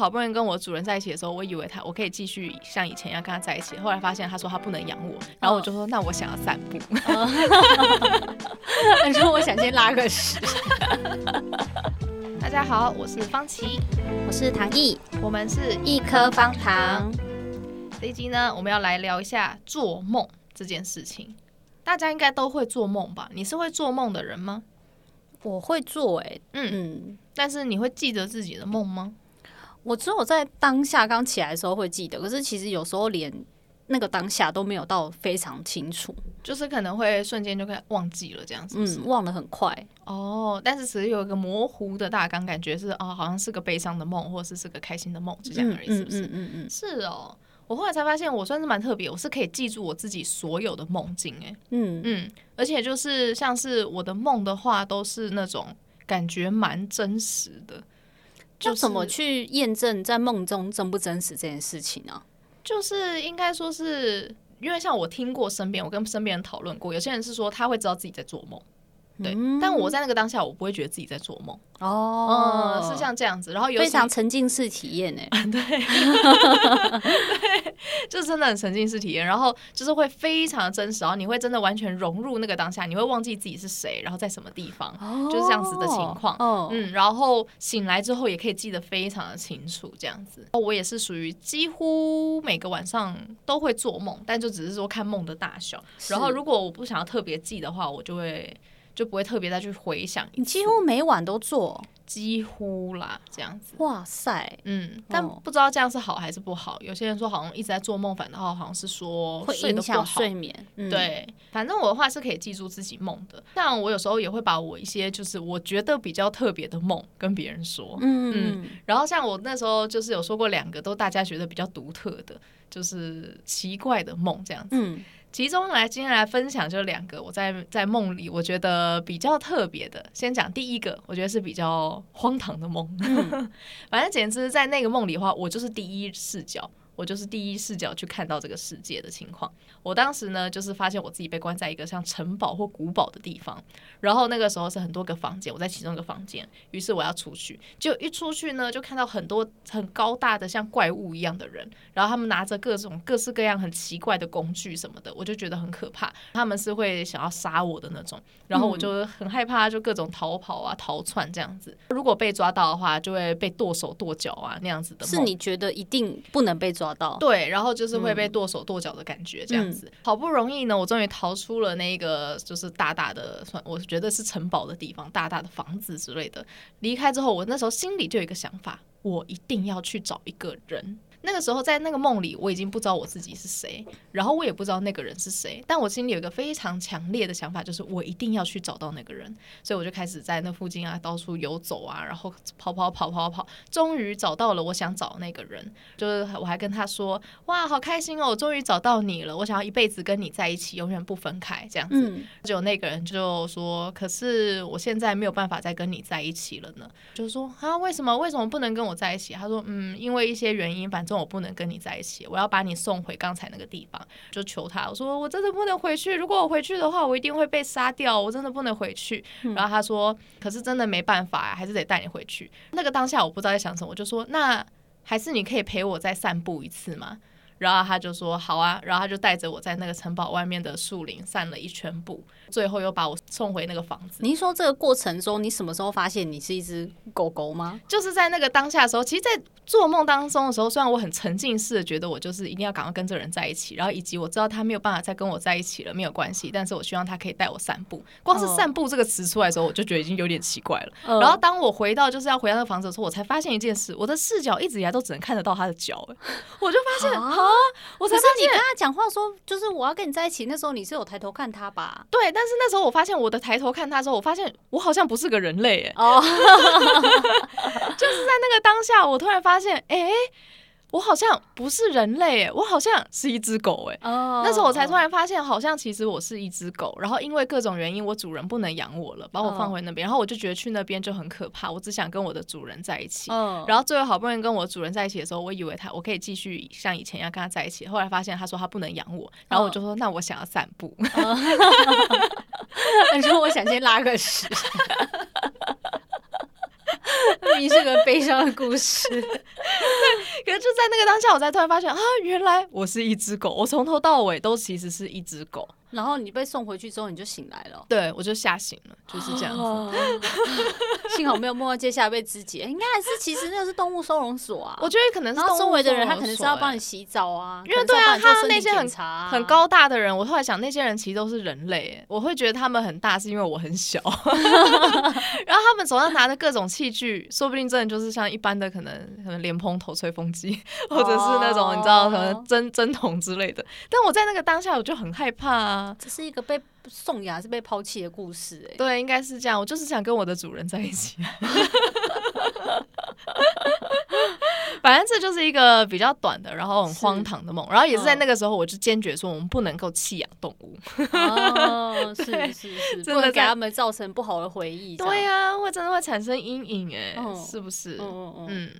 好不容易跟我主人在一起的時候，我以為他我可以繼續像以前一樣跟他在一起。後來發現他說他不能養我，然後我就說、哦、那我想要散步、哦，他 說我想先拉個屎。 大家好，我是方奇，我是唐毅，我們是一顆方糖。這一集呢，我們要來聊一下做夢這件事情。大家應該都會做夢吧？你是會做夢的人嗎？我會做哎、欸，嗯，嗯，但是你會記得自己的夢嗎？我只有在當下剛起來的時候會記得，可是其實有時候連那個當下都沒有到非常清楚，就是可能會瞬間就會忘記了這樣子、嗯，忘得很快哦。但是其實有一個模糊的大綱，感覺是啊、哦，好像是個悲傷的夢，或是是個開心的夢，就這樣而已，是不是？嗯嗯，嗯，嗯，是哦。我後來才發現，我算是蠻特別，我是可以記住我自己所有的夢境、欸，哎，嗯嗯，而且就是像是我的夢的話，都是那種感覺蠻真實的。要、就是、怎麼去驗證在夢中真不真實這件事情呢、啊？就是應該說是因為像我聽過身邊，我跟身邊人討論過，有些人是說他會知道自己在做夢。對，但我在那個當下，我不會覺得自己在做夢哦、嗯，是像這樣子，然後有非常沉浸式體驗呢、欸，對， 對，就是真的很沉浸式體驗，然後就是會非常的真實，然後你會真的完全融入那個當下，你會忘記自己是誰，然後在什麼地方，哦、就是這樣子的情況、哦，嗯，然後醒來之後也可以記得非常的清楚，這樣子。我也是屬於幾乎每個晚上都會做夢，但就只是說看夢的大小，然後如果我不想要特別記的話，我就會。就不會特別再去回想，你幾乎每晚都做，幾乎啦這樣子。哇塞，嗯、哦，但不知道這樣是好還是不好。有些人說好像一直在做夢，反倒好像是說睡得不好，會影響睡眠、嗯。對，反正我的話是可以記住自己夢的。像我有時候也會把我一些就是我覺得比較特別的夢跟別人說，嗯嗯。然後像我那時候就是有說過兩個都大家覺得比較獨特的，就是奇怪的夢這樣子。嗯其中來今天來分享就兩個，我在在夢裡我覺得比較特別的，先講第一個，我覺得是比較荒唐的夢、 嗯，反正簡直是在那個夢裡的話，我就是第一視角。我就是第一視角去看到這個世界的情況。我當時呢，就是發現我自己被關在一個像城堡或古堡的地方。然後那個時候是很多個房間，我在其中一個房間。於是我要出去，就一出去呢，就看到很多很高大的像怪物一樣的人，然後他們拿着各種各式各樣很奇怪的工具什麼的，我就覺得很可怕。他們是會想要殺我的那種。然後我就很害怕，就各種逃跑啊、逃竄這樣子。如果被抓到的話，就會被剁手剁腳啊那樣子的。是你覺得一定不能被抓？對，然後就是會被剁手剁腳的感覺，嗯，這樣子。好不容易呢，我終於逃出了那個就是大大的算，我覺得是城堡的地方，大大的房子之類的。離開之後，我那時候心裡就有一個想法，我一定要去找一個人。那個時候在那個夢裡，我已經不知道我自己是誰，然後我也不知道那個人是誰，但我心裡有一個非常強烈的想法，就是我一定要去找到那個人，所以我就開始在那附近啊到處遊走啊，然後跑跑跑跑跑，終於找到了我想找那個人，就是我還跟他說，哇，好開心哦，我終於找到你了，我想要一輩子跟你在一起，永遠不分開這樣子。嗯、就那個人就說，可是我現在沒有辦法再跟你在一起了呢，就說啊，為什麼為什麼不能跟我在一起？他說嗯，因為一些原因，反正。說我不能跟你在一起，我要把你送回剛才那個地方，就求他。我說我真的不能回去，如果我回去的話，我一定會被殺掉，我真的不能回去。嗯。然後他說，可是真的沒辦法呀、啊，還是得帶你回去。那個當下我不知道在想什麼，我就說那還是你可以陪我再散步一次嗎？然後他就說好啊，然後他就帶着我在那個城堡外面的樹林散了一圈步，最後又把我送回那個房子。您說這個過程中，你什麼時候發現你是一只狗狗嗎？就是在那個當下的時候，其實，在做夢當中的時候，雖然我很沉浸式的覺得我就是一定要趕快跟這個人在一起，然後以及我知道他沒有辦法再跟我在一起了，沒有關係，但是我希望他可以帶我散步。光是散步這個詞出來的時候，我就覺得已經有點奇怪了。呃、然後當我回到就是要回到那個房子的時候，我才發現一件事：我的視角一直以來都只能看得到他的腳，我就發現。啊啊、哦！我知說，你跟他講話說，就是我要跟你在一起。那時候你是有抬頭看他吧？對，但是那時候我發現我的抬頭看他的時候，我發現我好像不是個人類哦、欸，oh. 就是在那個當下，我突然發現，哎、欸。我好像不是人類哎、欸，我好像是一隻狗哎、欸。哦、oh. 那時候我才突然發現，好像其實我是一隻狗。然後因為各種原因，我主人不能養我了，把我放回那邊。Oh. 然後我就覺得去那邊就很可怕，我只想跟我的主人在一起。Oh. 然後最後好不容易跟我主人在一起的時候，我以為他我可以繼續像以前一樣跟他在一起。後來發現他說他不能養我，然後我就說、oh. 那我想要散步。哈哈說我想先拉個屎。那 是一個悲傷的故事 對，可是就在那個當下，我才突然發現啊，原來我是一只狗，我從頭到尾都其實是一只狗。然後你被送回去之後，你就醒來了。對，我就嚇醒了，就是這樣子。啊嗯、 幸好沒有夢到接下來被肢解，欸、應該還是其實那個是動物收容所啊。我覺得可能是周圍、欸、的人，他可能是要幫你洗澡啊，因為啊對啊，他那些很很高大的人，我後來想那些人其實都是人類、欸，我會覺得他們很大是因為我很小。 然後他們手上拿着各種器具，說不定真的就是像一般的可能，可能蓮蓬頭吹風機，或者是那種、哦、你知道什麼針針筒之類的。但我在那個當下，我就很害怕。這是一個被送養，是被拋棄的故事，欸，哎，對，應該是這樣。我就是想跟我的主人在一起。反 正 這就是一個比較短的，然後很荒唐的夢。然後也是在那個時候，我就堅決說，我們不能夠棄養動物。 哦，是是是，真的 給他們造成不好的回憶的。對呀，啊，會真的會產生陰影，欸，哎，哦，是不是？嗯、哦哦哦、嗯。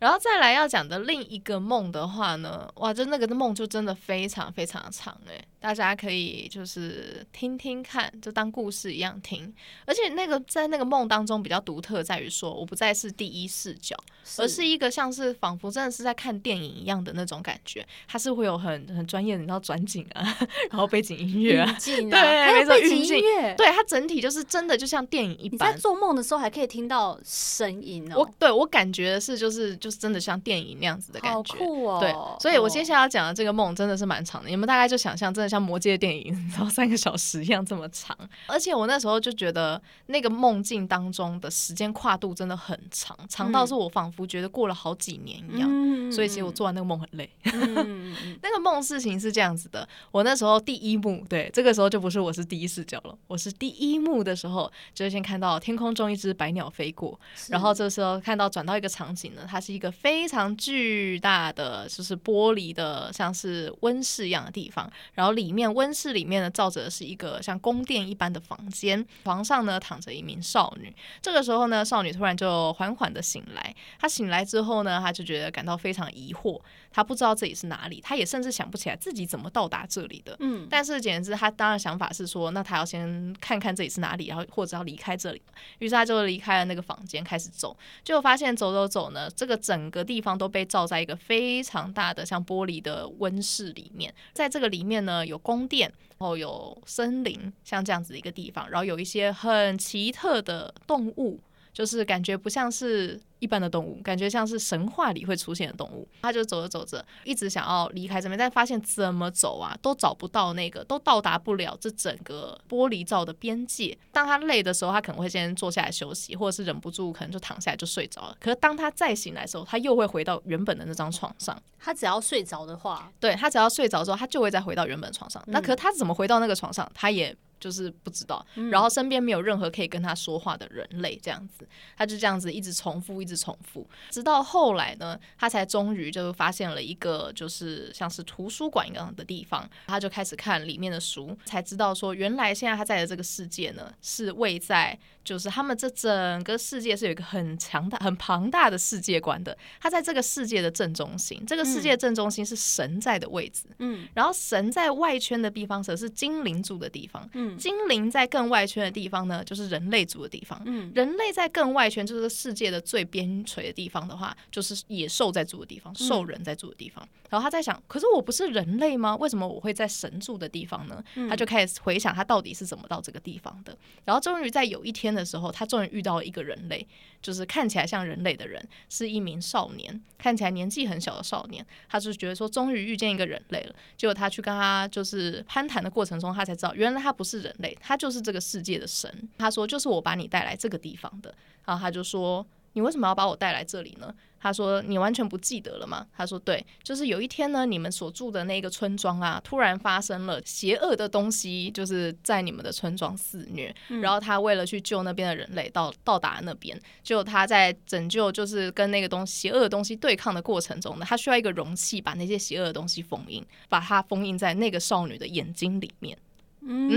然後再來要講的另一個夢的話呢，哇，就那個夢就真的非常非常長哎、欸，大家可以就是聽聽看，就當故事一樣聽。而且那個在那個夢當中比較獨特在於說，我不再是第一視角，而是一個像是仿佛真的是在看電影一樣的那種感覺。它是會有很很專業的，你知道轉景啊，然後背景音樂啊，啊對，還有背景音樂，對，它整體就是真的就像電影一般。你在做夢的時候還可以聽到聲音哦，我對我感覺的是就是就。就是，真的像電影那樣子的感覺，好酷哦，對，所以我接下來要講的這個夢真的是蠻長的，哦，你們大概就想象真的像魔戒電影，然後三個小時一樣這麼長。而且我那時候就覺得那個夢境當中的時間跨度真的很長，嗯，長到是我仿佛覺得過了好幾年一樣。嗯，所以其實我做完那個夢很累。嗯 嗯，那個夢事情是這樣子的，我那時候第一幕，對，這個時候就不是我是第一視角了，我是第一幕的時候，就是先看到天空中一隻白鳥飛過，然後這時候看到轉到一個場景呢，它是一個一個非常巨大的，就是玻璃的，像是溫室一樣的地方。然後裡面溫室裡面呢，罩着的是一個像宮殿一般的房間，床上呢躺着一名少女。這個時候呢，少女突然就緩緩的醒來。她醒來之後呢，她就覺得感到非常疑惑。他不知道這裡是哪裡，他也甚至想不起來自己怎麼到達這裡的。嗯，但是簡言之，他當然想法是說，那他要先看看這裡是哪裡，然後或者要離開這裡。於是他就離開了那個房間，開始走。結果發現走走走呢，這個整個地方都被罩在一個非常大的像玻璃的溫室裡面。在這個裡面呢，有宮殿，然後有森林，像這樣子的一個地方，然後有一些很奇特的動物。就是感覺不像是一般的動物，感覺像是神話裡會出現的動物。他就走着走着，一直想要離開這邊，但發現怎麼走啊，都找不到那個，都到達不了這整個玻璃罩的邊界。當他累的時候，他可能會先坐下來休息，或者是忍不住可能就躺下來就睡着了。可是當他再醒來的時候，他又會回到原本的那張床上。他只要睡着的話，對，他只要睡着之後，他就會再回到原本床上。那可是他怎麼回到那個床上，他也。就是不知道、嗯，然後身邊沒有任何可以跟他說話的人類，這樣子，他就這樣子一直重複，一直重複，直到後來呢，他才終於就發現了一個，就是像是圖書館一樣的地方，他就開始看裡面的書，才知道說，原來現在他在的這個世界呢，是位在。就是他們這整個世界是有一個很強大、很龐大的世界觀的。他在這個世界的正中心，這個世界的正中心是神在的位置。嗯，然後神在外圈的地方則是精靈住的地方。嗯，精靈在更外圈的地方呢，就是人類住的地方。嗯，人類在更外圈，就是世界的最邊陲的地方的話，就是野獸在住的地方，獸人在住的地方，嗯。然後他在想，可是我不是人類嗎？為什麼我會在神住的地方呢？嗯，他就開始回想他到底是怎麼到這個地方的。然後終於在有一天呢。的時候，他終於遇到了一個人類，就是看起來像人類的人，是一名少年，看起來年紀很小的少年。他就覺得說，終於遇見一個人類了。結果他去跟他就是攀談的過程中，他才知道，原來他不是人類，他就是這個世界的神。他說：“就是我把你帶來這個地方的。”然後他就說。你為什麼要把我帶來這裡呢？他說：“你完全不記得了嗎？”他說：“對，就是有一天呢，你們所住的那個村莊啊，突然發生了邪惡的東西，就是在你們的村莊肆虐，嗯。然後他為了去救那邊的人類到，到到達那邊，就他在拯救，就是跟那個東西、邪惡的東西對抗的過程中呢，他需要一個容器，把那些邪惡的東西封印，把它封印在那個少女的眼睛裡面。”嗯，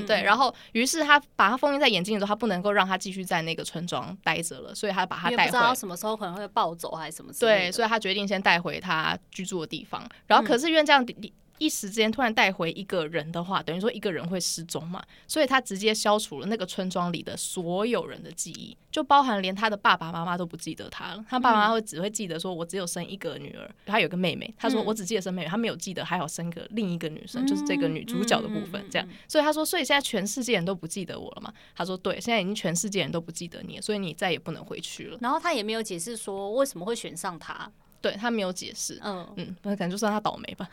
嗯，對，然後於是他把他封印在眼睛裡頭，他不能夠讓他繼續在那個村莊待着了，所以他把他帶回，不知道什麼時候可能會暴走還是什麼之類的，對，所以他決定先帶回他居住的地方，然後可是因為這樣。嗯一時間突然帶回一個人的話，等於說一個人會失蹤嘛，所以他直接消除了那個村莊裡的所有人的記憶，就包含連他的爸爸媽媽都不記得他了。他爸爸媽媽會只會記得說，我只有生一個女兒，嗯、他有個妹妹。他說，我只記得生妹妹，他沒有記得還有生個另一個女生，嗯，就是這個女主角的部分。這樣，所以他說，所以現在全世界人都不記得我了嘛。他說，對，現在已經全世界人都不記得你了，所以你再也不能回去了。然後他也沒有解釋說為什麼會選上他。對他沒有解釋、oh.，嗯嗯，那感覺就算他倒霉吧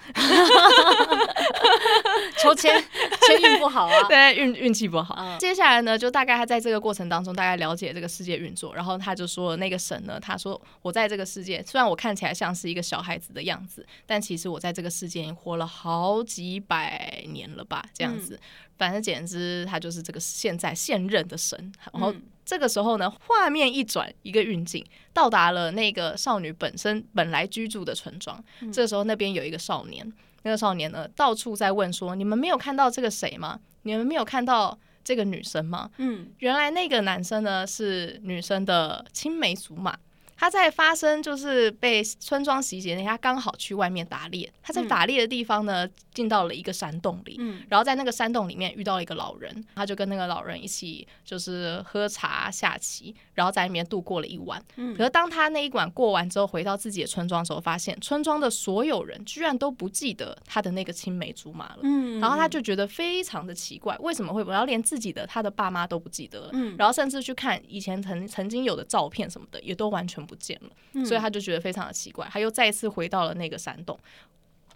抽籤。所以運不好啊， 對，運運氣不好。嗯、接下來呢，就大概他在這個過程當中，大概了解這個世界運作，然後他就說那個神呢，他說我在這個世界，雖然我看起來像是一個小孩子的樣子，但其實我在這個世界已經活了好幾百年了吧，這樣子，嗯、反正簡直他就是這個現在現任的神。然後這個時候呢，畫面一轉，一個運鏡到達了那個少女本身本來居住的村莊，嗯、這個時候那邊有一個少年。那個少年呢，到處在問說：“你們沒有看到這個誰嗎？你們沒有看到這個女生嗎？”嗯，原來那個男生呢，是女生的青梅竹馬。他在發生就是被村莊襲擊那天，他剛好去外面打獵。他在打獵的地方呢，進、嗯、到了一個山洞裡、嗯，然後在那個山洞裡面遇到了一個老人，他就跟那個老人一起就是喝茶下棋，然後在裡邊度過了一晚、嗯。可是當他那一晚過完之後，回到自己的村莊的時候，發現村莊的所有人居然都不記得他的那個青梅竹馬了，嗯、然後他就覺得非常的奇怪，為什麼會？然要連自己的他的爸媽都不記得了、嗯，然後甚至去看以前曾曾經有的照片什麼的，也都完全，不見了，所以他就覺得非常的奇怪。他又再一次回到了那個山洞，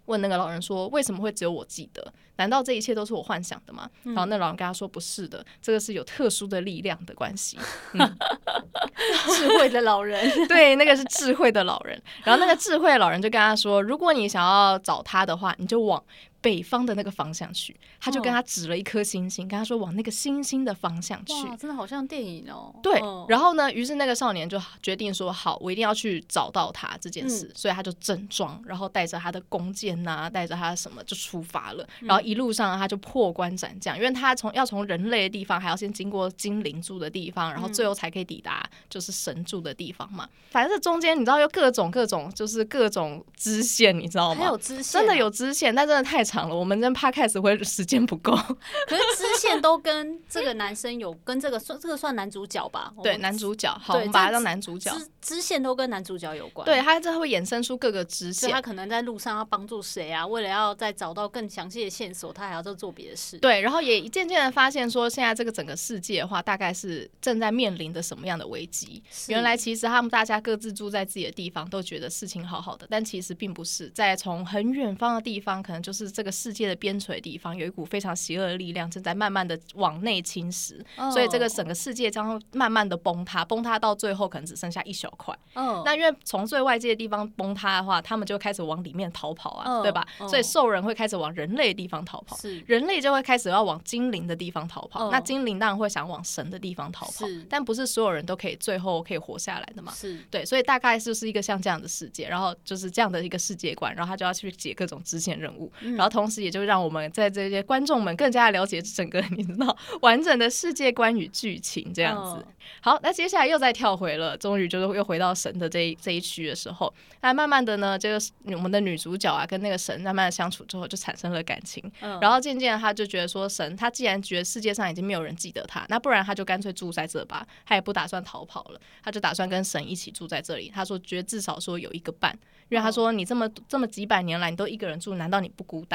問那個老人說：“為什麼會只有我記得？難道這一切都是我幻想的嗎？”然後那個老人跟他說：“不是的，這個是有特殊的力量的關係。嗯” 智慧的老人，對，那個是智慧的老人。然後那個智慧的老人就跟他說：“如果你想要找他的話，你就往……”北方的那個方向去，他就跟他指了一顆星星，哦，跟他說往那個星星的方向去，真的好像電影哦。對哦，然後呢，於是那個少年就決定說好，我一定要去找到他這件事，嗯、所以他就整裝，然後帶着他的弓箭吶、啊，帶着他什麼就出發了。然後一路上他就破關斬將，嗯、因為他從要從人類的地方，還要先經過精靈住的地方，然後最後才可以抵達就是神住的地方嘛。嗯、反正這中間你知道有各種各種就是各種支線，你知道嗎？還有支線、啊，真的有支線，但真的太長。我們真怕開始會時間不夠。可是支線都跟這個男生有， 跟這個算這個算男主角吧？對，男主角好，我們把他當男主角。支支線都跟男主角有關。對，他這會衍生出各個支線。他可能在路上要幫助誰啊？為了要再找到更詳細的線索，他還要再做別的事。對，然後也漸漸的發現說，現在這個整個世界的話，大概是正在面臨着什麼樣的危機？原來其實他們大家各自住在自己的地方，都覺得事情好好的，但其實並不是。在從很遠方的地方，可能就是這個。這個世界的邊陲地方，有一股非常邪惡的力量正在慢慢的往內侵蝕，oh. 所以這個整個世界將會慢慢的崩塌，崩塌到最後可能只剩下一小塊。嗯、oh.，那因為從最外界的地方崩塌的話，他們就開始往裡面逃跑啊，oh. 對吧？Oh. 所以獸人會開始往人類的地方逃跑，是，人類就會開始要往精靈的地方逃跑，oh. 那精靈當然會想往神的地方逃跑，oh. 但不是所有人都可以最後可以活下來的嘛？是，對，所以大概就是一個像這樣的世界，然後就是這樣的一個世界觀，然後他就要去解各種支線任務，嗯然後同時，也就讓我們在這些觀眾們更加了解整個你知道完整的世界觀與劇情這樣子。好，那接下來又再跳回了，終於就是又回到神的這一這一區的時候，那慢慢的呢，這個我們的女主角啊，跟那個神慢慢的相處之後，就產生了感情。然後漸漸她就覺得說，神，他既然覺得世界上已經沒有人記得他，那不然他就乾脆住在這吧，他也不打算逃跑了，他就打算跟神一起住在這裡。他說，覺得至少說有一個伴，因為他說，你這麼這麼幾百年來，你都一個人住，難道你不孤單？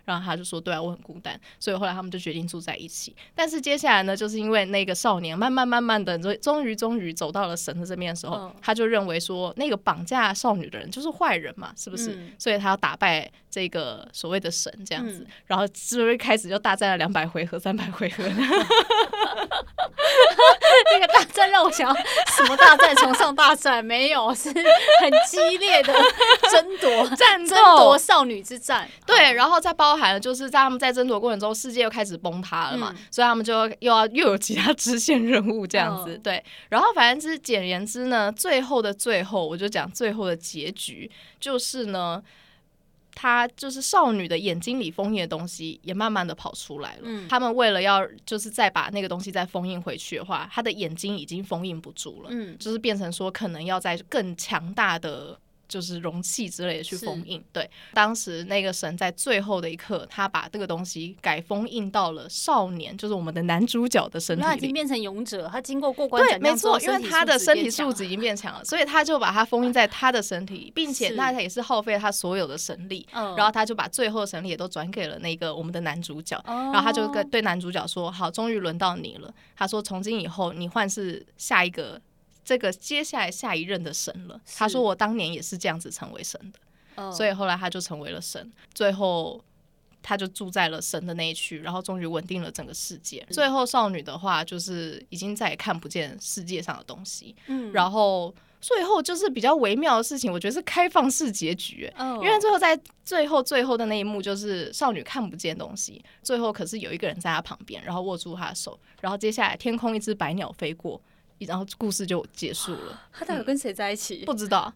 然後他就說：“對啊，我很孤單。”所以後來他們就決定住在一起。但是接下來呢，就是因為那個少年慢慢慢慢的，終於終於走到了神的這邊的時候、嗯，他就認為說，那個綁架少女的人就是壞人嘛，是不是？嗯、所以他要打敗這個所謂的神這樣子。嗯、然後是不是開始就大戰了兩百回合、三百回合？ 那個大戰讓我想要什麼大戰？ 床上大戰沒有，是很激烈的爭奪 戰爭奪少女之戰。對，然後再包。包含了就是在他們在爭奪過程中，世界又開始崩塌了嘛，嗯、所以他們就又要又有其他支線任務這樣子、哦。對，然後反正就是簡言之呢，最後的最後，我就講最後的結局，就是呢，他就是少女的眼睛裡封印的東西也慢慢的跑出來了、嗯。他們為了要就是再把那個東西再封印回去的話，他的眼睛已經封印不住了。嗯、就是變成說可能要在更強大的。就是容器之類的去封印，對，當時那個神在最後的一刻，他把這個東西改封印到了少年，就是我們的男主角的身體那已經變成勇者，他經過過關斬將，沒錯，因為他的身體素質已經變強了， 所以他就把它封印在他的身體，並且他也是耗費他所有的神力，然後他就把最後的神力也都轉給了那個我們的男主角，嗯、然後他就跟對男主角說：“好，終於輪到你了。”他說：“從今以後，你換是下一個。”這個接下來下一任的神了。他說：“我當年也是這樣子成為神的，oh. 所以後來他就成為了神。最後，他就住在了神的那一區，然後終於穩定了整個世界。最後，少女的話就是已經再也看不見世界上的東西，嗯。然後最後就是比較微妙的事情，我覺得是開放式結局。嗯，oh，因為最後在最後最後的那一幕就是少女看不見東西，最後可是有一個人在她旁邊，然後握住她的手，然後接下來天空一隻白鳥飛過。”然後故事就結束了。他到底、嗯、跟誰在一起？不知道。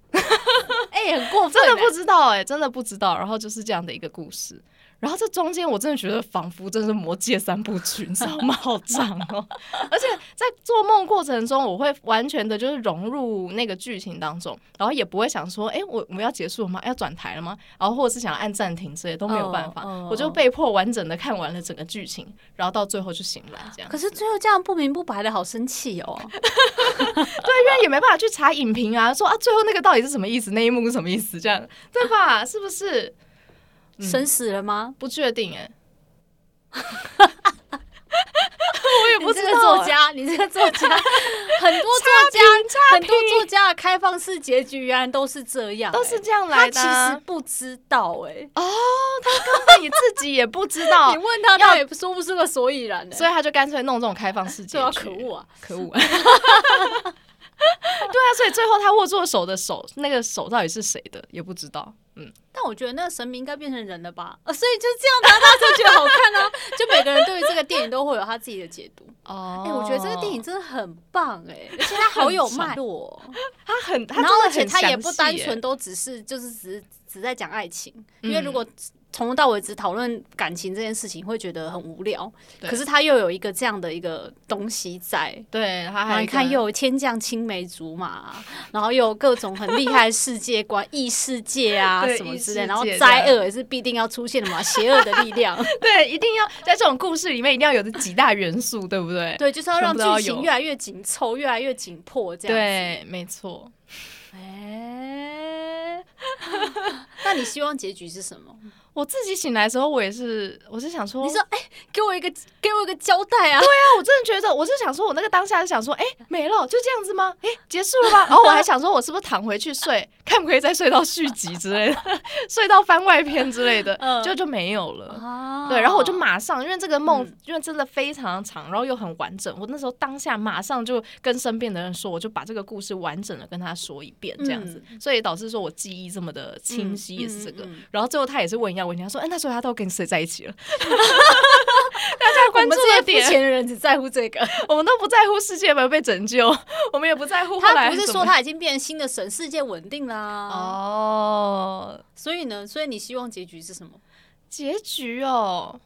哎、 欸，很過分。真的不知道哎、欸，真的不知道。然後就是這樣的一個故事。然後這中間我真的覺得仿佛真的是魔戒三部曲，好漫長哦！ 而且在做夢過程中，我會完全的就是融入那個劇情當中，然後也不會想說，哎，我我們要結束了嗎？要轉台了嗎？然後或者是想按暫停這些都沒有辦法，oh, oh. 我就被迫完整的看完了整個劇情，然後到最後就醒了，這樣。可是最後這樣不明不白的，好生氣哦！對，因為也沒辦法去查影評啊，說啊，最後那個到底是什麼意思？那一幕是什麼意思？這樣，對吧？是不是？嗯、生死了嗎？不確定哎、欸，我也不是個作家，你這個作家， 很多作家，很多作家的開放式結局原來都是這樣、欸，都是這樣來的、啊。其實不知道哎、欸，哦，他剛才你自己也不知道， 你問他他也說不出個所以然，、欸 他他所以然欸，所以他就乾脆弄這種開放式結局。可惡啊！可惡、啊。 對啊，所以最後他握住了手的手，那個手到底是誰的也不知道。嗯，但我覺得那個神明應該變成人了吧，所以就這樣子，他都覺得好看啊。 就每個人對於這個電影都會有他自己的解讀。哦，哎、欸，我覺得這個電影真的很棒哎、欸，而且他好有脈絡，他很、喔、很，他、欸、後而很，他也不單純都只是就是只只在講愛情、嗯，因為如果。從頭到尾只討論感情這件事情，會覺得很無聊。可是他又有一個這樣的一個東西在，對，他還然後你看又有天降青梅竹馬， 然後又有各種很厲害的世界觀、異 世界啊什麼之類，然後災厄也是必定要出現的嘛，邪惡的力量，對，一定要在這種故事裡面一定要有這幾大元素， 對不對？對，就是要讓劇情越來越緊湊，越來越緊迫。這樣子對，沒錯。哎、欸 嗯，那你希望結局是什麼？我自己醒來的時候，我也是，我是想說，你說，哎、欸，給我一個，給我一個交代啊！對啊，我真的覺得，我是想說，我那個當下就想說，哎、欸，沒了，就這樣子嗎？哎、欸，結束了嗎？然後我還想說，我是不是躺回去睡， 看不可以再睡到續集之類的， 睡到番外篇之類的，就 就沒有了、啊。對，然後我就馬上，因為這個夢、嗯、因為真的非常的長，然後又很完整，我那時候當下馬上就跟身邊的人說，我就把這個故事完整的跟他說一遍，這樣子、嗯，所以導致說我記憶這麼的清晰也是這個、嗯嗯。然後最後他也是問要。我娘說：“哎、欸，那時候他都跟誰在一起了？” 大家關注了。之前的人只在乎這個，我們都不在乎世界有沒有被拯救，我們也不在乎。他不是說他已經變成新的神，世界穩定了哦。所以呢，所以你希望結局是什麼？結局哦，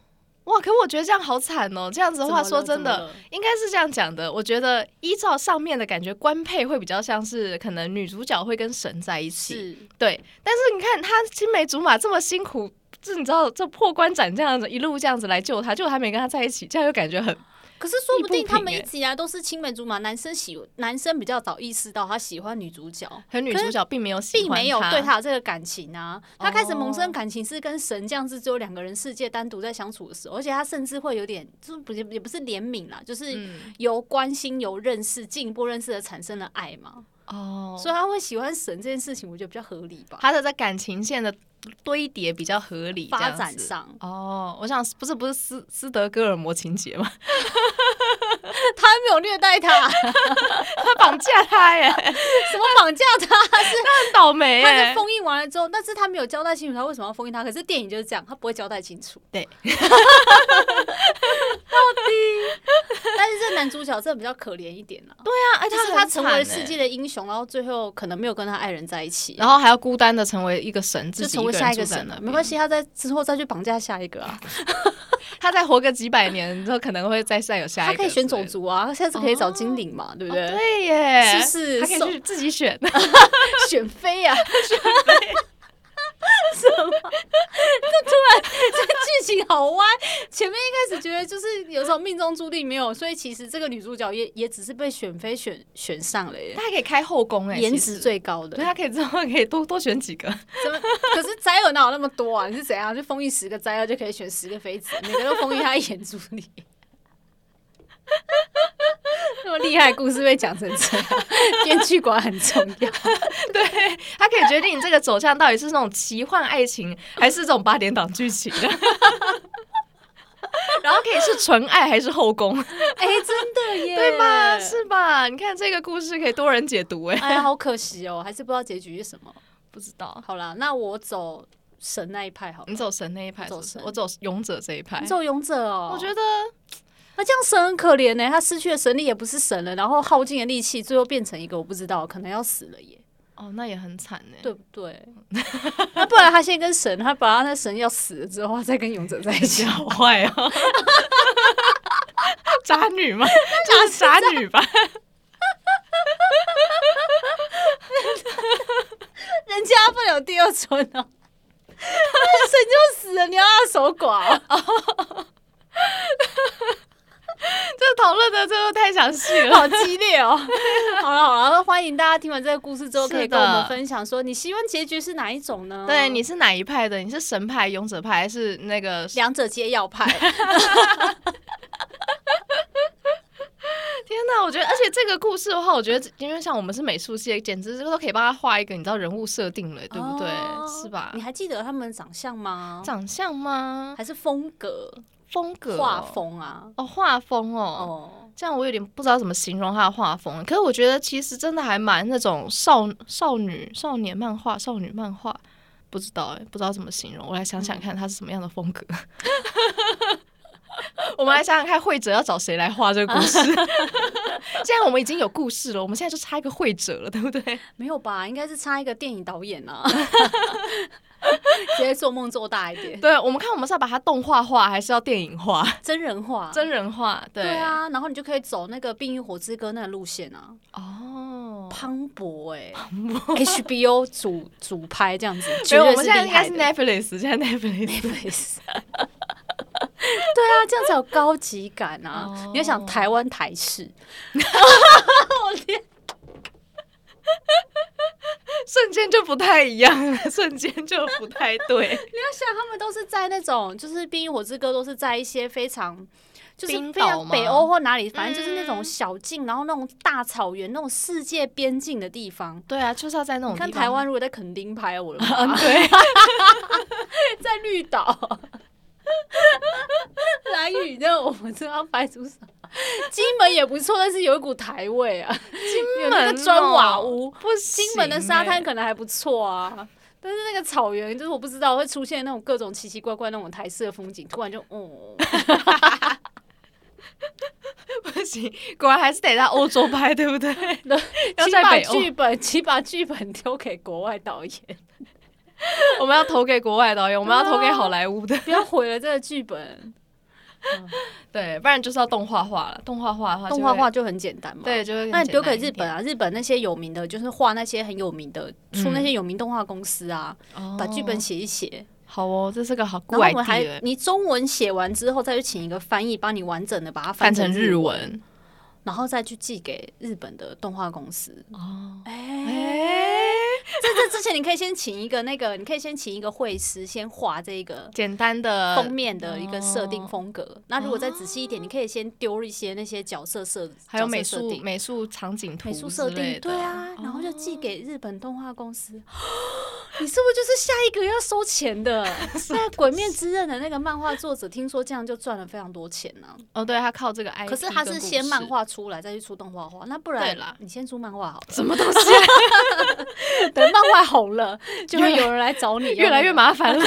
哇！可我覺得這樣好慘哦。這樣子的話，說真的，應該是這樣講的。我覺得依照上面的感覺，官配會比較像是可能女主角會跟神在一起，對。但是你看，她青梅竹馬這麼辛苦。這你知道，這破關斬這樣子一路這樣子來救他，結果還沒跟他在一起，這樣就感覺很、欸。可是說不定他們一直以來都是青梅竹馬，男生喜，男生比較早意識到他喜歡女主角，和女主角並沒有喜歡他，並沒有對他有這個感情啊。他開始萌生感情是跟神這樣子只有兩個人世界單獨在相處的時候，而且他甚至會有點就是，不是也不是憐憫啦，就是由關心、嗯、由認識進一步認識而產生了愛嘛。哦，所以他會喜歡神這件事情，我覺得比較合理吧。他的在感情線的。堆疊比較合理，發展上哦，我想不是不是，斯斯德哥爾摩情節嗎？他沒有虐待他， 他綁架他耶？什麼綁架他是？ 他很倒霉。他封印完了之後，但是他沒有交代清楚他為什麼要封印他。可是電影就是這樣，他不會交代清楚。對。 但是這男主角真的比較可憐一點呢、啊。對啊，而且他成為世界的英雄，然後最後可能沒有跟他愛人在一起、啊，然後還要孤單的成為一個神，就成為下一個神了。沒關係，他在之後再去綁架下一個啊。 他再活個幾百年之後，可能會再再有下一個。他可以選種族啊，下次可以找精靈嘛，哦，對不對？哦、對耶，是，是，他可以去自己選， 選妃啊。 選妃 前面一開始覺得就是有時候命中注定沒有，所以其實這個女主角也也只是被選妃選選上了耶。她還可以開後宮哎、欸，顏值最高的，對，她可以之後可以多多選幾個。可是災厄哪有那麼多啊？你是怎樣就封印十個災厄就可以選十個妃子，每個都封印她演顏值？那 麼厲害，故事被講成這樣，編劇館很重要。對，她可以決定你這個走向到底是那種奇幻愛情還是這種八點檔劇情。 然後可以是純愛還是後宮？哎，真的耶， 對吧？是吧？你看這個故事可以多人解讀、欸，哎，好可惜哦、喔，還是不知道結局是什麼，不知道。好啦，那我走神那一派好了，你走神那一派，走神。我走勇者這一派，你走勇者哦、喔。我覺得那、啊、這樣神很可憐呢，他失去了神力也不是神了，然後耗盡了力氣，最後變成一個我不知道，可能要死了耶。哦，那也很慘呢，對不對？那不然他先跟神，他把他那神要死了之後，再跟勇者在一起、啊，好壞哦，渣 女嗎？就是渣女吧。 人家不留第二春啊、哦！ 那神就死了，你要守寡、哦。 這討論的真的太詳細了，好激烈哦！ 好了好了，歡迎大家聽完這個故事之後，可以跟我們分享說，你希望結局是哪一種呢？ 對，你是哪一派的？你是神派、勇者派，還是那個兩者皆要派？ 天哪、啊，我覺得，而且這個故事的話，我覺得，因為像我們是美術系，簡直這個都可以幫他畫一個，你知道人物設定了，對不對、哦？是吧？你還記得他們長相嗎？長相嗎？還是風格？風格？畫風啊？哦，畫風哦。哦，這樣我有點不知道怎麼形容他的畫風、哦、可是我覺得，其實真的還蠻那種少少女、少年漫畫、少女漫畫，不知道哎，不知道怎麼形容。我來想想看，他是什麼樣的風格。嗯 我們來想想看，繪者要找誰來畫這個故事、啊？ 現在我們已經有故事了，我們現在就差一個繪者了，對不對？沒有吧？應該是差一個電影導演啊！ 直接做夢做大一點。對，我們看，我們是要把它動畫化，還是要電影化？真人化，真人化，對。對啊，然後你就可以走那個《冰與火之歌》那個路線啊。哦，磅礴哎、磅礴、，HBO 主主拍這樣子。所以我們現在應該是 Netflix，現在 Netflix。 對啊，這樣子有高級感啊！Oh. 你要想台灣台式， 我天啊， 瞬間就不太一樣了，瞬間就不太對。 你要想，他們都是在那種，就是《冰火之歌》，都是在一些非常就是非常北歐或哪裡，反正就是那種小徑，然後那種大草原，那種世界邊境的地方。對啊，就是要在那種地方。你看台灣，如果在墾丁拍，我的媽！ 對， 在綠島。藍雨那我不知道拍出啥，金門也不錯，但是有一股台味啊。金門磚瓦屋，不行。金門的沙灘可能還不錯啊，但是那個草原，就是我不知道會出現那種各種奇奇怪怪那種台式的風景，突然就嗯 不行，果然還是得在歐洲拍，對不對？ 要七把劇本，要 把劇本丟給國外導演。 我們要投給國外導演，啊、我們要投給好萊塢的，不要毀了這個劇本。 對，不然就是要動畫化了。動畫化，動畫化就很簡單嘛。對，就會。那你丟給日本啊，日本那些有名的，就是畫那些很有名的，嗯、出那些有名動畫公司啊，哦、把劇本寫一寫。好哦，這是個好怪。你中文寫完之後，再去請一個翻譯，幫你完整的把它翻成日文。翻成日文然後再去寄給日本的動畫公司哦，哎、欸，在、欸、這之前你可以先請一個那個， 你可以先請一個繪師先畫這個簡單的封面的一個設定風格。那、哦、如果再仔細一點，你可以先丟一些那些角色設，還有美術美術場景圖、美術設定，對啊，然後就寄給日本動畫公司。哦、 你是不是就是下一個要收錢的？在 《那鬼滅之刃》的那個漫畫作者 聽說這樣就賺了非常多錢呢、啊？哦，對他靠這個，可是他是先漫畫。出來再去出動畫畫，那不然啦。你先出漫畫好了，什麼東西？ 等漫畫紅了，就會有人來找你，越來越麻煩了。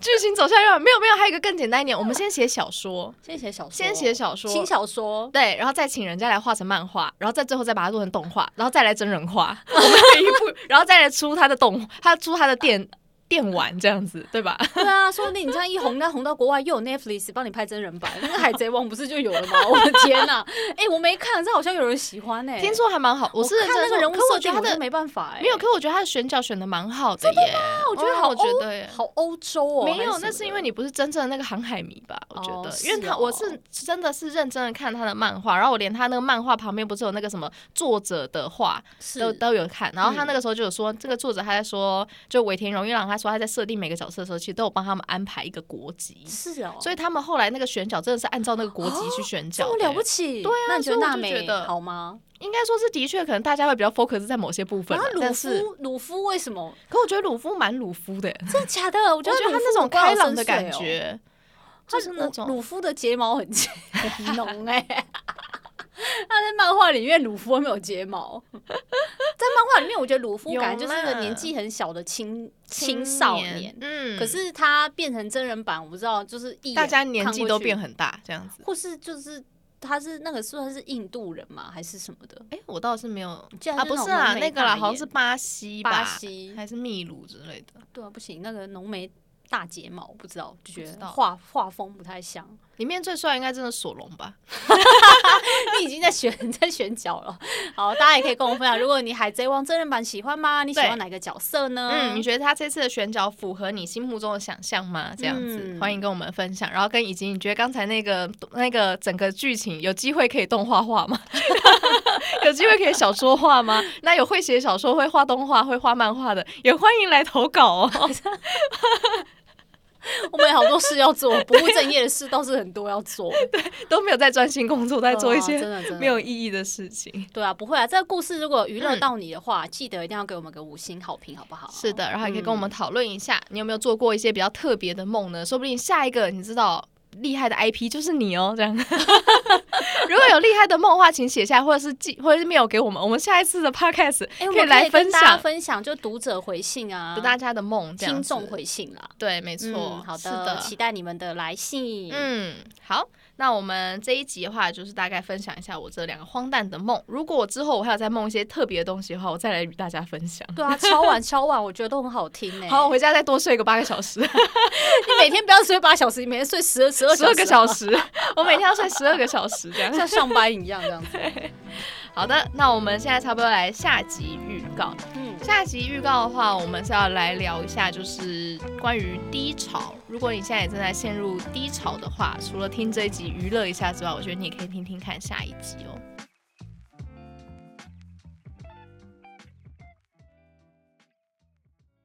劇 情走向越沒有沒有，還有一個更簡單一點，我們先寫小說，先寫小說，先寫小說，輕小說,小說對，然後再請人家來畫成漫畫，然後再最後再把它做成動畫，然後再來真人畫，我們一部， 然後再來出他的動，他出他的電。電玩這樣子對吧？對啊，說不定你這樣一紅，那紅到國外又有 Netflix 幫你拍真人版。那個海賊王不是就有了嗎？ 我的天哪、啊！哎、欸，我沒看，這好像有人喜歡呢、欸。聽說還蠻好，我是真的，我看那個人物設定，我覺得他，我沒辦法誒、欸。沒有，可我覺得他的選角選的蠻好的耶的。我覺得好歐，oh, yeah, 好歐洲哦、喔。沒有，那是因為你不是真正的那個航海迷吧？我覺得，oh, 因為他是、喔、我是真的是認真的看他的漫畫，然後我連他那個漫畫旁邊不是有那個什麼作者的話是都都有看。然後他那個時候就有說，嗯、這個作者還在說就，就尾田榮一郎他。說他在設定每個角色的時候，其實都有幫他們安排一個國籍。是哦、喔，所以他們後來那個選角真的是按照那個國籍去選角。喔、了不起，對，對啊，那就你覺得美好嗎？應該說是的確，可能大家會比較 focus 在某些部分。然後魯夫，魯夫為什麼？可我覺得魯夫蠻魯夫的，真的假的我我、哦？我覺得他那種開朗的感覺，就是那種魯夫的睫毛很濃哎、欸。 他、 啊、在漫畫裡面魯夫沒有睫毛， 在漫畫裡面我覺得魯夫感覺就是個年紀很小的青青少年，嗯。可是他變成真人版，我不知道，就是大家年紀都變很大這樣子，或是就是他是那個算是印度人嗎？還是什麼的？哎，我倒是沒有啊，不是啊，那個啦，好像是巴西、巴西還是秘魯之類的。對啊，不行，那個濃眉。大睫毛不知道，覺得畫畫風不太像。裡面最帥應該真的索隆吧？ 你已經在選在選角了。好，大家也可以跟我分享， 如果你《海賊王》真人版喜歡嗎？你喜歡哪個角色呢？嗯，你覺得他這次的選角符合你心目中的想象嗎？這樣子，嗯，歡迎跟我們分享。然後跟以及你覺得剛才那個那個整個劇情有機會可以動畫畫嗎？ 有機會可以小說畫嗎？ 那有會寫小說、會畫動畫、會畫漫畫的，也歡迎來投稿哦。 我們有好多事要做，不務正業的事倒是很多要做， 對，都沒有在專心工作，在做一些沒有意義的事情。對啊，真的真的。對啊，不會啊。這個故事如果娛樂到你的話，嗯、記得一定要給我們個五星好評，好不好？是的，然後也可以跟我們討論一下、嗯，你有沒有做過一些比較特別的夢呢？說不定下一個你知道。厲害的 IP 就是你哦，喔，這樣。 如果有厲害的夢話請，請寫下或者是寄，或者是 mail 給我們，我們下一次的 Podcast 可以來分享，欸，跟大家分享，就讀者回信啊，讀大家的夢，聽眾回信啦。對，沒錯，嗯，好的，是的，期待你們的來信。嗯，好。那我們這一集的話，就是大概分享一下我這兩個荒誕的夢。如果我之後我還有再夢一些特別的東西的話，我再來與大家分享。對啊，超晚、超晚，我覺得都很好聽。好，我回家再多睡個八個小時。 你每天不要睡八小時，你每天睡十二十二十二個小時。 我每天要睡十二個小時，這樣 像上班一樣這樣子。好的，那我們現在差不多來下集預告。下集預告的話，我們是要來聊一下，就是關於低潮。如果你現在也正在陷入低潮的話，除了聽這一集娛樂一下之外，我覺得你也可以聽聽看下一集哦。